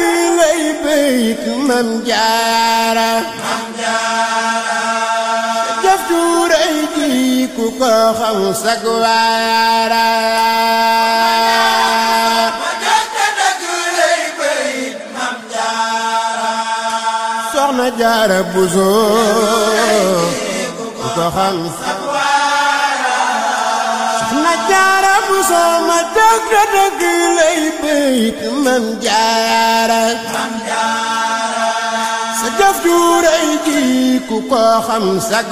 bi lay bayit mam jaara mam jaara jëf ku ko xam sag waara soxna jaara buso ku ko xam sama dëgg dëgg lay béyit mam jaara sa jëf ju rëy ji ku ko xam sag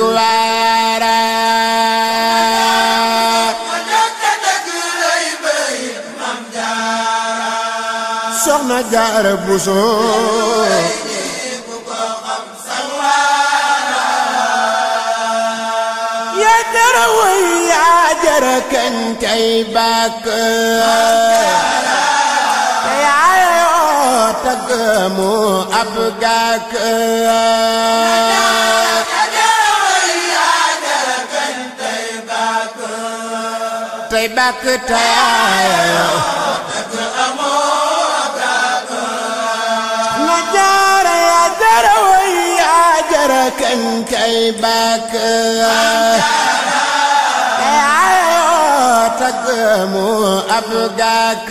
jara kañ cay bàkk te yaayoo tagg mu ab gàkk tey bàkk te yaayoo tagg mu ab gàkk na jaara yaa jara way yaa jara kañ cay bàkk mu ab gàkk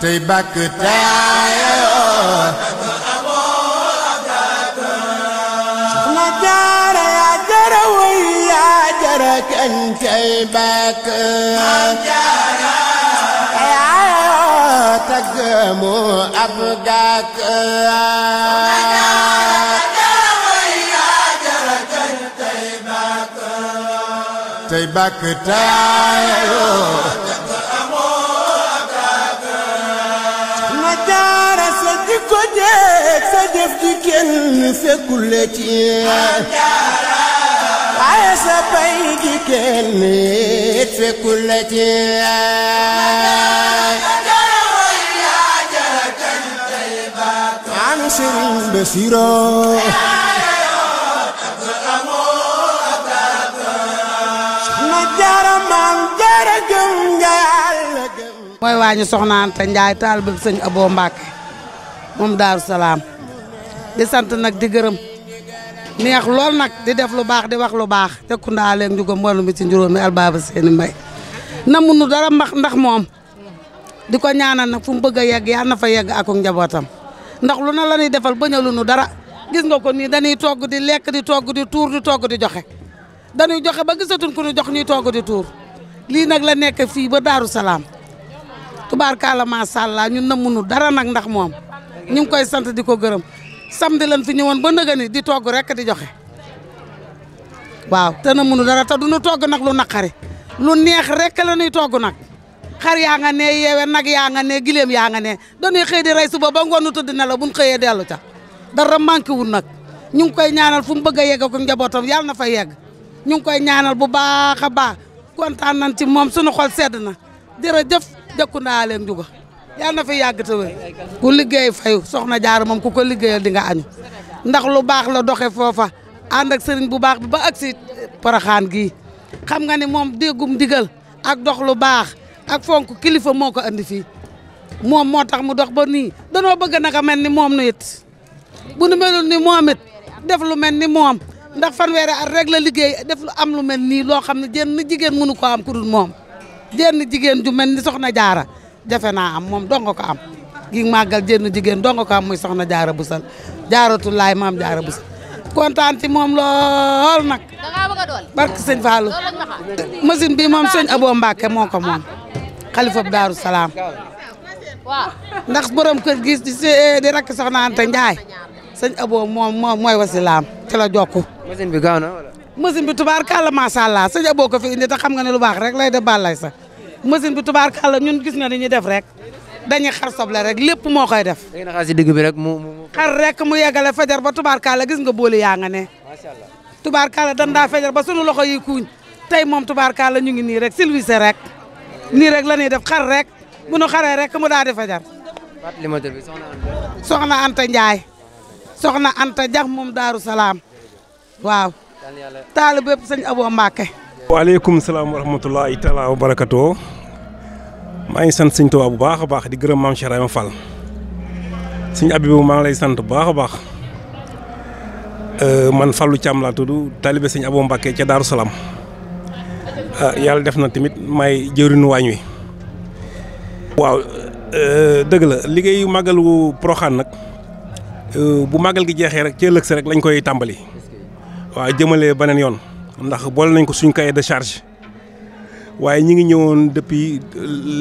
tey bàkk taayoo na jaara yaa jara way yaa jara kañ tey bàkk taayoo tagg mu ab gàkk bakktaayo oh. ko jeeg sa jëf ji kenn fekkule ci waaye sa pay ji kenn it fekkule ci am Sëriñ Basiru mooy waañu ñu soxna taal bëgg sëñ Abo Mbacke moom Daaru Salaam di sant nag di gërëm neex lool nag di def lu baax di wax lu baax tekku ndaa leeg njugam wàllu mi ci njuróomi albaaba seeni mbay na munu dara mbax ndax moom di ko ñaanal nag fu mu bëgg a yegg yàlla na fa yegg ak njabootam ndax lu na la ñuy defal bañalu nu dara gis nga ko nii dañuy togg di lekk di togg di tuur di togg di joxe dañuy joxe ba gisatuñ ku ñu jox ñuy togg di tuur lii nag la nekk fii ba Daaru Salaam tubaarkaala macha allah ñun na namunu dara nag ndax moom ñu ngi koy sant di ko gërëm samedi lan fi ñëwoon ba nëga ni di togg rek di joxe waaw te namunu dara te duñu togg nag na naqari lu neex rek la ñuy togg nag xar yaa nga ne yeewe nag yaa nga ne gileem yaa nga ne dañuy xëy di rey suba ba ngoonu tëdd ne la buñ xëyee dellu ca dara manqué wul nag ñu ngi koy ñaanal fu mu bëgg a yegg ko njabootam yàlla na fa yegg ñu ngi koy ñaanal bu baax a baax kontaan nañ ci moom suñu xol sedd na jërëjëf dëkku naa leen juga yàlla na fi yàgg te ku liggéey fayu soxna jaar moom ku ko liggéeyal di nga añu ndax lu baax la doxe foofa ànd ak sëriñ bu baax bi ba agsi Porokhane gi xam nga ne moom déggum digal ak dox lu baax ak fonk kilifa moo ko andi fii moom moo tax mu dox ba nii danoo bëgg naka mel ni moom nu it bu nu melul ni moom it def lu mel ni moom ndax fanweeri at rek la liggéey def am lu mel nii loo xam ne jën jigéen mënu ko am ku dul moom jenn jigéen ju mel ni na jaara jafe naa am moom dong ko am gi màggal jenn jigéen dong ko am muy na jaara busal jaaratul laay maam jaara busal kontaan ci moom lool nag barke sëñ Fallou machine bi moom sëñ Abo Mbacke moo ko moom xalifa bu Daaru Salaam ndax borom kër gi di eh, rakk soxna Anta Ndiaye sëñ Abo moom mooy wasilaam ci la jokku machine bi tubaar kàlla macha allah sëñ boo ko fi indi te xam nga ne lu baax rek lay def bàllay sax machine bi tubaar kàlla ñun gis nga ni ñu def rek dañuy xar soble rek lépp moo koy def. da ngeen si digg bi rek mu mu. xar rek mu yeggale fajar ba tubaar kàlla gis nga booli yaa nga ne. macha allah tubaar kàlla dan daa fajar ba sunu loxo yi kuuñ tey moom tubaar kaala ñu ngi nii rek silvissé rek nii rek la ñuy def xar rek bu nu xaree rek mu daal di fajar. fàttali ma tur bi soxna Anta. soxna Anta Ndiaye. soxna Anta jax moom Daaru Salaam taal bépp sëñ Abo waaleykum salaam wa rahmatulahi taala wa maa ngi sant sëñ Tuubaa bu baax a baax di gërëm maam Cheikh Ibrahima Fall sëñ Abibu maa ngi lay sant bu baax a baax euh, man Fallou Thiam laa tudd taalibe sëñ Abo Mbacke ca Daaru Salaam ah, yàlla def na tamit may jëriñu wi. waaw euh, dëgg la liggéeyu màggalu Poroxaan nag euh, bu màggal gi jeexee rek ci ëllëg si rek lañ koy tàmbali. waaw jëmalee beneen yoon ndax boole nañ ko suñ cahier de charge waaye ñi ngi ñëwoon depuis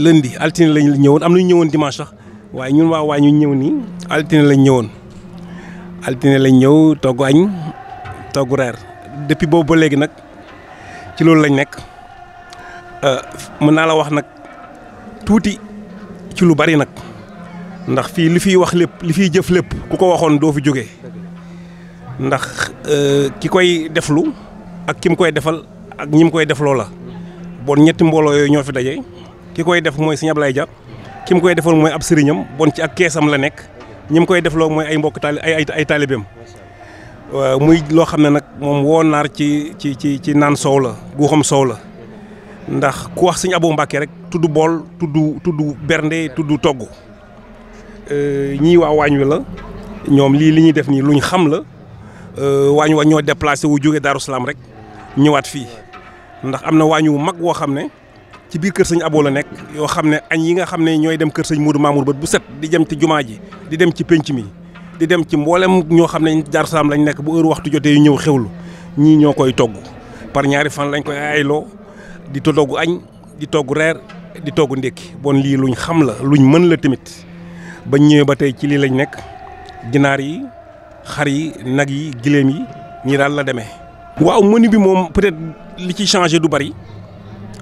lëndi altine lañ ñëwoon am nañu ñëwoon dimanche sax waaye ñun waa waa ñëw nii altine lañ ñëwoon altine lañ ñëw togg añ togg reer depuis boobu ba léegi nag ci loolu lañ nekk euh, mën naa la wax nag tuuti ci lu bari nag ndax fii li fiy wax lépp li fiy jëf lépp ku ko waxoon doo fi jóge ndax euh, ki koy deflu ak ki mu koy defal ak ñi mu koy defloo la bon ñetti mbooloo yooyu ñoo fi daje ki koy def mooy Serigne Ablaye ja ki mu koy defal mooy ab sëriñam bon ci ak keesam la nekk ñi mu koy defloo mooy ay mbokk taali ay ay taalibeem muy loo xam ne nag moom woo naar ci ci ci ci naan soow la guuxam soow la ndax ku wax Serigne Abou Mbacké rek tudd bool tudd tudd bernde tudd togg euh, ñii waa waañ wi la ñoom lii li ñuy def nii luñ xam la Euh, waañ wa ñoo déplacé wu jógee Daaru Salaam rek ñëwaat fii ndax am na waañ wu mag woo xam ne ci biir kër sëñ Abo la nekk yoo xam ne añ yi nga xam ne ñooy dem kër sëñ Modou Mamour bët bu set di dem ci jumaa ji di dem ci pénc mi di dem ci mboolem ñoo xam ne Daaru Salaam lañ nekk bu heure waxtu jotee yu ñëw xewlu ñii ñoo koy togg par ñaari fan lañ koy aayloo di togg añ di togg reer di togg ndékki bon lii luñ xam la luñ mën la tamit bañ ñëwee ba tey ci lii lañ nekk ginaar yi. xar yi nag yi giléem yi ñi daal la demee. waaw menu bi moom peut-être li ci changé du bari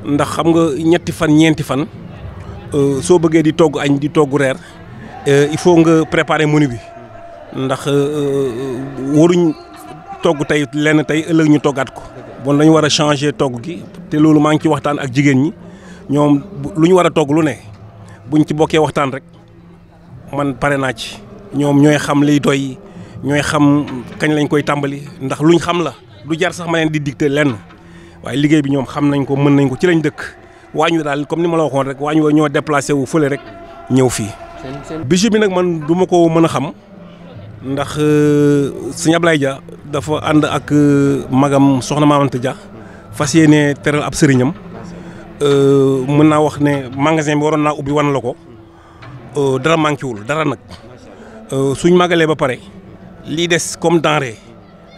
ndax xam nga ñetti fan ñeenti fan euh, soo bëggee di togg añ di togg reer euh, il faut nga préparer menu bi ndax euh, waruñ togg tey lenn tey ëllëg ñu toggaat ko. bon dañu war a changer togg gi te loolu maa ngi ci waxtaan ak jigéen ñi ñoom lu ñu war a togg lu ne buñ ci bokkee waxtaan rek man pare naa ci ñoom ñooy xam liy doy. ñooy xam kañ lañ koy tàmbali ndax luñ xam la du jar sax ma leen di dicter lenn waaye liggéey bi ñoom xam nañ ko mën nañ ko ci lañ dëkk waañu daal comme ni ma la waxoon rek waañu ñoo wu fële rek ñëw fii. bijou bi nag man du ma ko mën a xam ndax euh, sëñ Ablaye Dia dafa ànd ak euh, magam soxna Maam Anta fas yéene teral ab sëriñam euh, mën naa wax ne magasin bi waroon naa ubbi wan la ko dara manqué wul dara nag suñ magalee ba pare. lii des comme denrée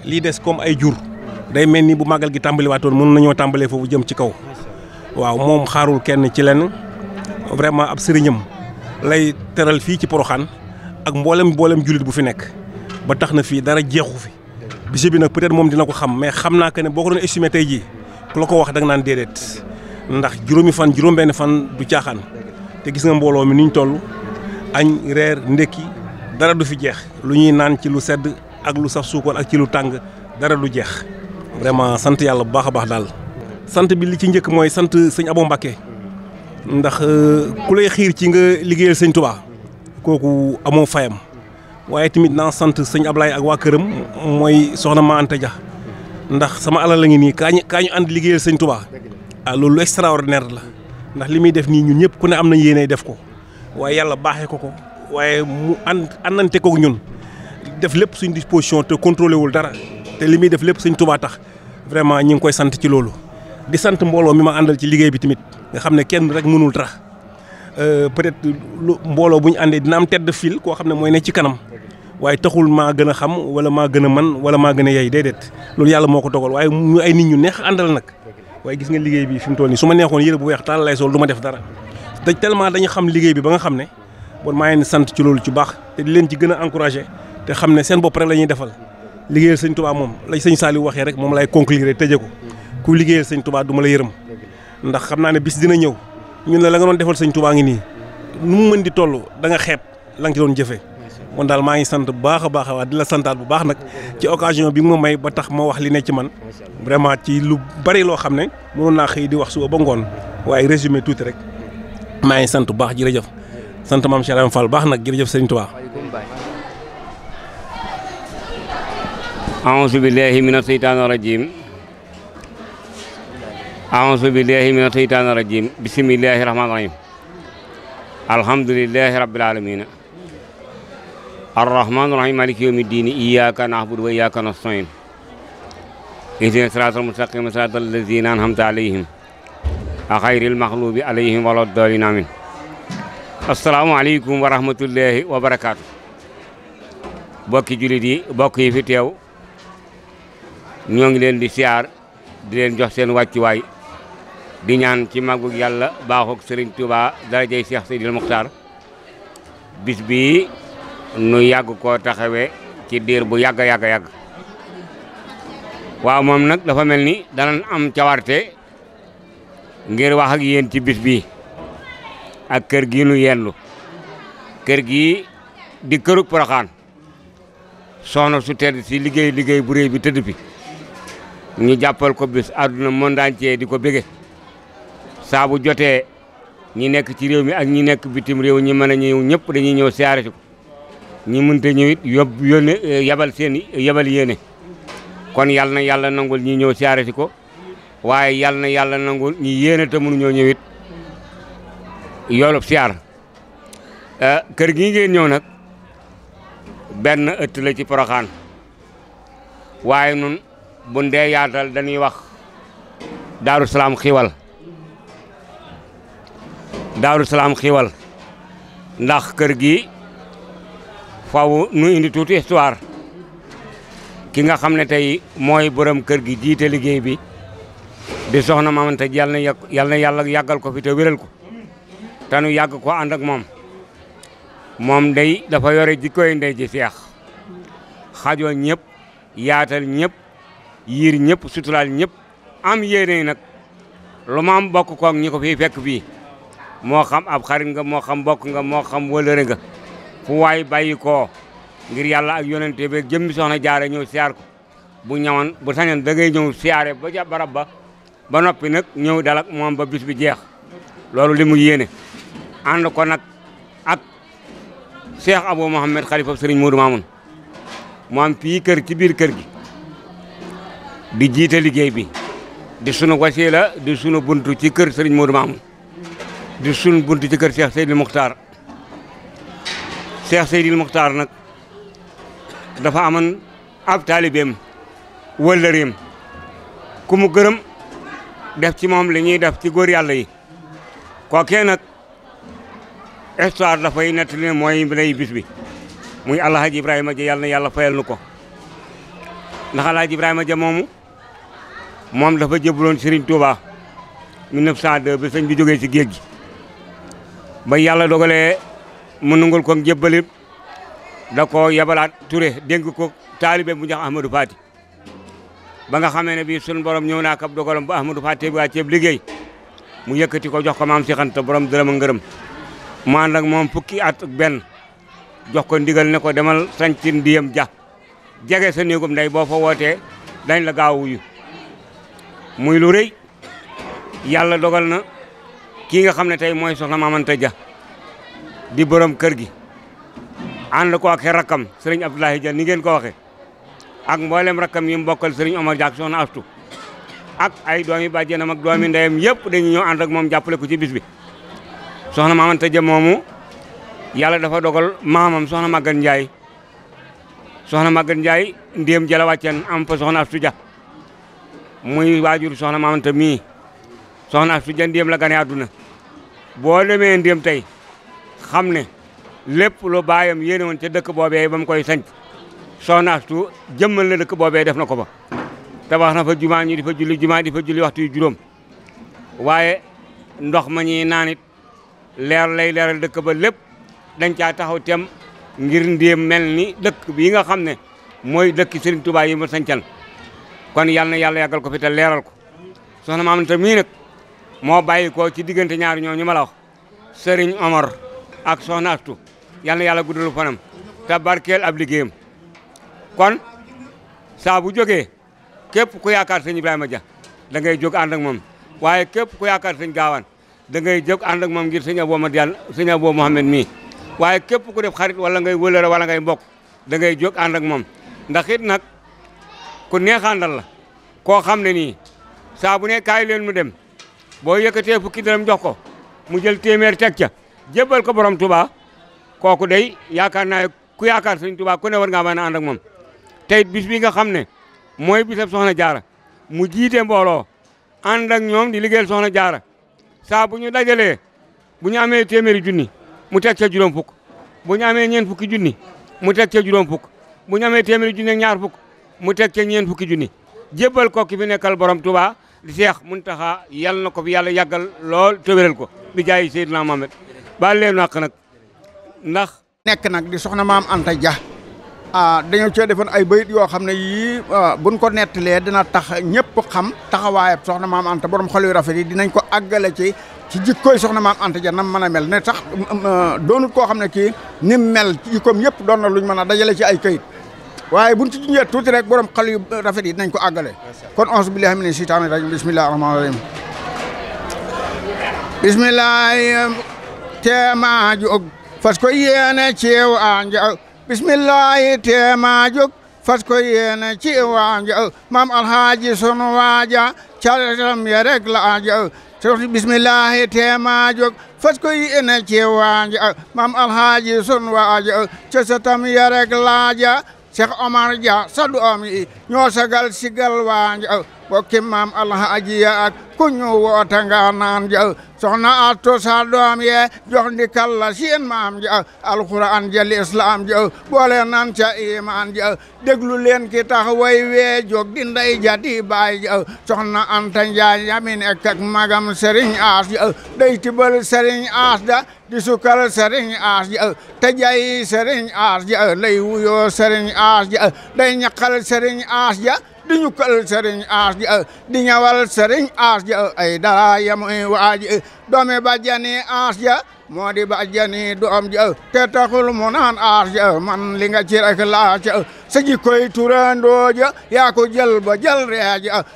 lii des comme ay jur day mel ni bu màggal gi tàmbaliwaatoon mën nañoo tàmbalee foofu jëm ci kaw waaw moom xaarul kenn ci lenn vraiment ab sëriñam lay teral fii ci Poroxaan ak mboolem mboolem jullit bu fi nekk ba tax na fii dara jeexu fi bise bi nag peut-être moom dina ko xam mais xam naa que ne boo ko doon estimé tey jii ku la ko wax da naan déedéet ndax juróomi fan juróom-benn fan du caaxaan te gis nga mbooloo mi niñ toll añ reer ndekki. dara du fi jeex lu ñuy naan ci lu sedd ak lu saf suukar ak ci lu tàng dara du jeex vraiment sant yàlla bu baax a baax daal. sant bi li ci njëkk mooy sant sëñ Abo Mbacke ndax euh, ku lay xiir ci nga liggéeyal sëñ Touba kooku amoo fayam waaye tamit naa sant sëñ Ablaye ak waa këram mooy soxna ma Anta Dia ndax sama alal a ngi nii kaa ñu kaa ñu ànd liggéeyal sëñ Touba ah loolu lu extraordinaire la ndax li muy def nii ñun ñëpp ku ne am nañ yéene def ko waaye yàlla baaxee ko ko. waaye mu ànd àndante kook ñun def lépp suñ disposition te contrôlé wul dara te li muy def lépp suñ tubaa tax vraiment ñi ngi koy sant ci loolu. di sant mbooloo mi ma àndal ci liggéey bi tamit nga xam ne kenn rek mënul dara euh, peut-être lu mbooloo bu ñu àndee dina am tedd fil koo xam ne mooy ne ci kanam waaye taxul maa gën a xam wala maa gën a man wala maa gën a yey déedéet loolu yàlla moo ko dogal waaye mu ay nit ñu neex àndal nag waaye gis nga liggéey bi fi mu toll nii su ma neexoon yére bu weex taal lay sol du ma def dara te tellement xam liggéey bi ba nga xam ne bon maa ngi sant ci loolu ci baax te di leen ci gën a encouragé te xam ne seen bopp rek la ñuy defal liggéeyal sëñ Tuubaa moom la sëñ Saliou waxee rek moom lay conclure tëjee ko ku liggéeyal sëñ Tuubaa du la yërëm ndax xam naa ne bis dina ñëw ñun la la nga doon defal sëñ Tuubaa ngi nii nu mu mën di tollu da nga xeeb la nga ci doon jëfee kon daal maa ngi sant bu baax a baax waa di la santaat bu baax nag ci occasion bi ma may ba tax ma wax li ne ci man vraiment ci lu bari loo xam ne mënoon naa xëy di wax suba ba ngoon waaye résumé tuuti rek maa ngi sant bu baax jërëjëf sant maam Cheikh Ibrahima Fall baax nag jërëjëf sëriñ Tuubaa أعوذ بالله من الشيطان الرجيم أعوذ بالله من الشيطان الرجيم بسم الله الرحمن الرحيم الحمد لله رب العالمين الرحمن الرحيم مالك يوم الدين إياك نعبد وإياك نستعين اهدنا الصراط المستقيم صراط الذين أنعمت عليهم غير المغلوب عليهم ولا الضالين آمين asalaamaaleykum wa rahmatullahi wa barakaatu. bokki jullit yi bokk yi fi teew ñoo ngi leen di siyaar di leen jox seen wàccuwaay di ñaan ci màggug yàlla baaxoog Serigne Touba darajay Cheikh Seydil Mokhtar bis bii nu yàgg koo taxawee ci diir bu yàgg yàgg yàgg waaw moom nag dafa mel ni danañ am cawarte ngir wax ak yéen ci bis bii. ak kër gi nu yellu kër gi di këru Porokhane soxna su tedd si liggéey liggéey bu réy bi tëdd bi ñu jàppal ko bis àdduna monde entier di ko bége saa bu jotee ñi nekk ci réew mi ak ñi nekk bitim réew ñi mën a ñëw ñëpp dañuy ñëw siyaare si ko ñi mënta ñëw it yob yónne yabal yéene kon yàlla na yàlla nangul ñi ñëw siyaare si ko waaye yàlla na nangul ñi yéene yoolub siyaar eh, kër gi ngeen ñëw nag benn ëtt la ci Porokhane waaye nun buñ dee yaatal dañuy wax Daaru Salaam xiiwal Daaru Salaam xiiwal ndax kër gi faw nu indi tuuti histoire ki nga xam ne tey mooy borom kër gi jiite liggéey bi di soxna Maam Anta yal na yàlla yàggal ko fi te ko te nu yàgg ko ànd ak moom moom day dafa yore jikkooy ndey ji seex xajoo ñépp yaatal ñépp yiir ñëpp suturaal ñëpp am yéene nag lu ma am bokk koog ñi ko fii fekk fii moo xam ab xarit nga moo xam bokk nga moo xam wëlëre nga fu waay bàyyi koo ngir yàlla ak yonente beeg jëmmi soxna jaare ñëw siyaar ko bu ñawoon bu sañoon da ñëw siyaare ba ca barab ba ba noppi nag ñëw dalak moom ba bis bi jeex loolu li mu yéene ànd ko nag ak Cheikh Abou Mouhamed xalifa Serigne Modou Mamoun mu am fii kër ci biir kër gi di jiite liggéey bi di sunu wasiila di sunu buntu ci kër Serigne Modou Mamoun di sunu buntu ci kër Cheikh Seydil Mokhtar Cheikh Seydil Mokhtar nag dafa amoon ab taalibeem wëllëreem ku mu gërëm def ci moom li ñuy def ci góor yàlla yi kookee nag histoire dafay nettali ne mooy lay bis bi muy alhaji ibrahima ja yàlla na yàlla fayal nu ko ndax alhaji ibrahima ja moomu moom dafa jëbaloon Serigne Touba 1902 bi sëñ bi jógee ci géej gi ba yàlla dogalee mu nungul ko jëbbalit da ko yabalaat Touré dénk ko taalibe bu ñax Ahmadou Fati ba nga xamee ne bii sun borom ñëw naa kab dogalam ba Ahmadou Fati bi wàcceeb liggéey mu yëkkati ko jox ko maam Cheikh Anta borom dërëm a ngërëm mu ànd moom fukki at ak benn jox ko ndigal ne ko demal sanc ndiyam ja jege sa néegum ndey boo fa wootee dañ la gaaw wuyu muy lu rëy yàlla dogal na kii nga xam ne tey mooy soxna Maam Ja di borom kër gi ànd ko ak rakkam sëriñ Abdoulaye Ja ni ngeen ko waxe ak mboolem rakkam yi mbokkal sëriñ Omar Ja ak Astu ak ay doomi bàjjenam ak doomi ndeyam yëpp dañu ñëw ànd ak moom jàppale ko ci bis bi soxna Maam Anta moomu yàlla dafa dogal maamam soxna Maguette Ndiaye soxna Maguette Ndiaye ndéem jala wàcceen am fa soxna Astou Dia muy waajur soxna Maam mii soxna Astou Dia ndéem la gane àdduna boo demee ndéem tey xam ne lépp lu baayam yéene woon ca dëkk boobee ba mu koy sanc soxna Astou jëmmal na dëkk boobee def na ko ba tabax na fa jumaa ñi di fa julli jumaa di fa julli waxtu yu juróom waaye ndox ma ñuy naan it leer lay leeral dëkk ba lépp dañ caa taxaw tem ngir ndéem mel ni dëkk bi nga xam ne mooy dëkk Serigne Touba yi ma sancal kon yàlla na yàlla yàggal ko fi te leeral ko soxna maam ta mii nag moo bàyyi ko ci diggante ñaari ñoo ñu ma la wax Serigne Omar ak soxna Astu yàlla na yàlla guddalu fanam te barkeel ab liggéeyam kon saa bu jógee képp ku yaakaar sëñ Ibrahima Dia da ngay jóg ànd ak moom waaye képp ku yaakaar sëñ gaawaan da ngay jóg ànd ak moom ngir sëñ Abou Madiane sëñ Abou Mouhamed mii waaye képp ku def xarit wala ngay wëlëra wala ngay mbokk da ngay jóg ànd ak moom ndax it nag ku neexaandal la koo xam ne nii saa bu ne kaay leen mu dem boo yëkkatee fukki dërëm jox ko mu jël téeméer teg ca jébbal ko borom Touba kooku day yaakaar naa ku yaakaar sëñ Touba ku ne war ngaa mën a mooy bisab soxna jaara mu jiite mbooloo ànd ak ñoom di liggéeyal soxna jaara saa bu ñu dajalee bu ñu amee téeméeri junni mu teg ca juróom fukk bu ñu amee ñeen fukki junni mu teg ca juróom fukk bu ñamee amee téeméeri junni ak ñaar mu teg ca ñeen fukki junni jébbal ko ki fi nekkal borom Tuubaa di Seex Muntaxa yal na ko fi yàlla yàggal lool te ko bi jaay Seydina Muhammad baal leen wàq nag ndax nekk nag di soxna maam Anta ja Ah, dañoo cee defoon ay bayit yoo xam ne yii ah, buñ ko nettalee dina tax ñëpp xam taxawaayab soxna maam Anta borom xol yu rafet yi dinañ ko àggale ci ci jikkooy soxna maam Anta ja nam mën a mel ne tax ah, doonut koo xam ne kii ni mel jikkoom yëpp doon na luñ mën a dajale ci ay kayit waaye buñ ci junjee tuuti rek borom xol yu rafet yi dinañ ko àggale kon onze billahi mina shaytaani rajim bismillahi rahmaani rahim bismillahi teema jóg fas a bismillahi teema jóg fas ko yéene ci waaja maam alhaaji sunu waaja caratam ya rek la aja soti bismillahi ci waaja maam alhaaji sunu waaja casatam ya laaja Cheikh Omar Dia sa yi ñoo sigal waaja bokki maam alhaji ya ak ku ñu woota nga soxna atto sa doom ye jox ndikal la maam ja alquran ja lislaam ja boole nan ca iman ja déglu leen ki tax way wee jóg di ndey ja di baay ja soxna anta njaay yamin ek magam sëriñ aas ja day tibal sëriñ aas da di sukal sëriñ aas ja te jayi sëriñ aas ja lay wuyoo sëriñ aas ja day ñaqal sëriñ aas ja di ñukkal sëriñ aas ji di ñawal sëriñ aas ja ay dara yamuy waaji doomi bàjjani aas ja moo di bàjjani doom ja te taxul mu naan aas ja man li nga ci rek ca sa jikkoy turandoo ja yaa ko jël ba jël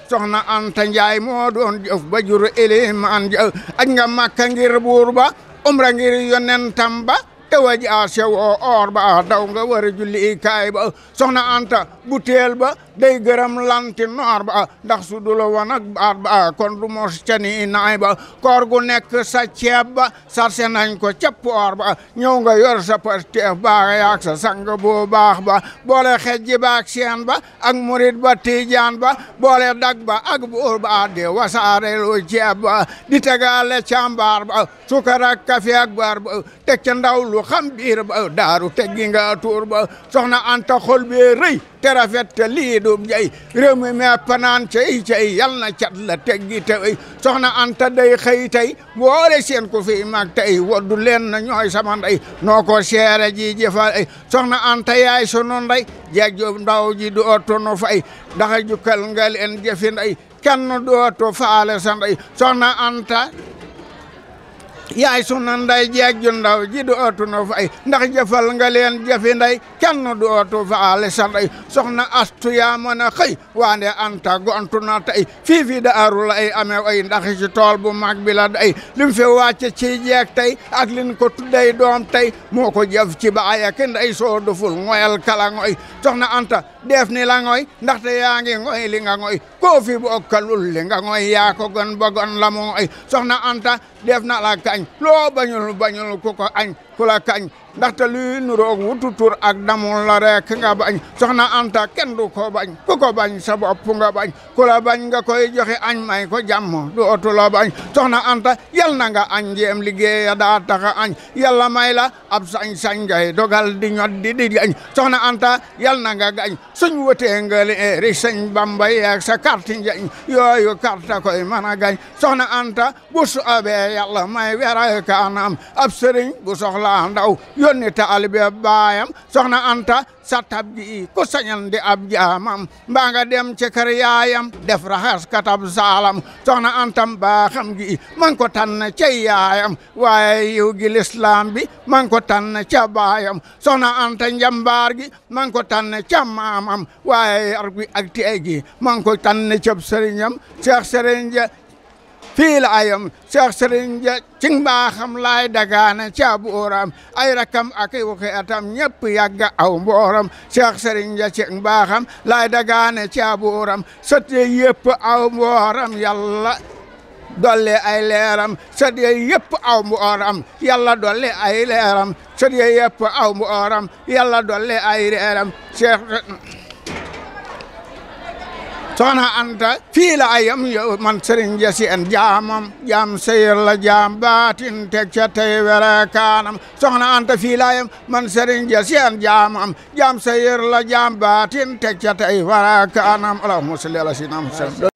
soxna Anta Njaay moo doon jëf ba jur ilimaan ja aj nga Makka ngir buur ba umra ngir yonentam ba te waji aas ja oor ba daw nga war a julli kaay ba soxna Anta bu ba day gërëm lanti noor ba ndax su dula woon ak baat ba kon du mos ca ni naay ba kor gu nekk sa ceeb ba sarse nañ ko ca poor ba ñëw nga yor sa pasteef baax yaak sa sang boo baax ba boole xejji baak seen ba ak murit ba tijaan ba boole dag ba ak buur ba de wasaare lu ceeb ba di tegaale càmbaar ba sukar ak kafe ak baar ba teg ca ndaw lu xam biir ba daaru teggi nga tuur ba soxna anta xol bee rëy te rafet te lii du jey réew mi mee panaan cey la teggi te soxna Anta day xëy tey woore seen ko fi mag tey woddu leen na ñooy sama ndey noo ko seere ji jëfa ay soxna Anta yaay sunu ndey jajjo ndaw ji du otto nu fay daxa jukkal nga leen jëfi ndey kenn du faale sa ndey soxna Anta yaay sunu nday jeeg ju ndaw ji du ootu na fay ndax jëfal nga leen jëfi nday kenn du ootu faale sa nday soxna astu yaa mën a xëy waande anta gontu na tey fii fii da aru la ay amee ndax ci tool bu mag bi la day lim fi ci jeeg tey ak lin ko tudday doom tey moo ko jëf ci ba ke nday soo duful ngoyal kala ngoy soxna anta def ni la ngoy ndaxte yaa ngi ngoy li nga ngoy koo fi bokkalul li nga ngoy yaa ko ba gën la ngoy soxna anta def na la añ loo bañul bañul ku ko añ ku la kañ ndaxte luy nuroog wutu tur ak damul la rek nga bañ soxna Anta kenn du ko bañ ku ko bañ sa bopp nga bañ ku la bañ nga koy joxe añ may ko jàmm du otu la bañ soxna Anta yal nanga nga añ jéem liggéeya daa taxa añ yàlla may la ab sañ-sañ ngay dogal di ñot di di gañ soxna Anta yal na nga gañ suñ wëtee nga leeri sëñ Bamba yeeg sa carte njañ yooyu carte koy mën a gañ soxna Anta bu su abee may wera kaanam ab sëriñ bu soxla Tuubaa ndaw yónni taalibe baayam soxna Anta sa tab ji ku sañan di ab jaamam mbaa nga dem ci kër yaayam def raxas katab saalam soxna antam baaxam ji man ko tànn ca yaayam waaye yiw gi lislaam bi man ko tànn baayam soxna anta njambaar gi man ko tànn ca maamam waaye yar gi ak tey gi man ko tànn ca sëriñam Cheikh fii la ayam Cheikh Sëriñ Ja ci mbaaxam laay dagaana ca booram ay rakam ak wuki atam ñëpp yàgga aw mbooram Cheikh Sëriñ Ja ci mbaaxam laay dagaana ca booram sëte yëpp aw mbooram yàlla dolle ay leeram sët ye yëpp aw mu oram yàlla dolle ay leeram sët ye yëpp aw mu oram yàlla dolle ay leeram Cheikh soxna Anta fii la man Serigne Ndiassy en jaamam jaam seyir la jaam baatin teg ca tey were Anta fii man Serigne Ndiassy en jaamam jaam seyir la jaam baatin teg ca tey were kaanam allahumma salli ala sayyidina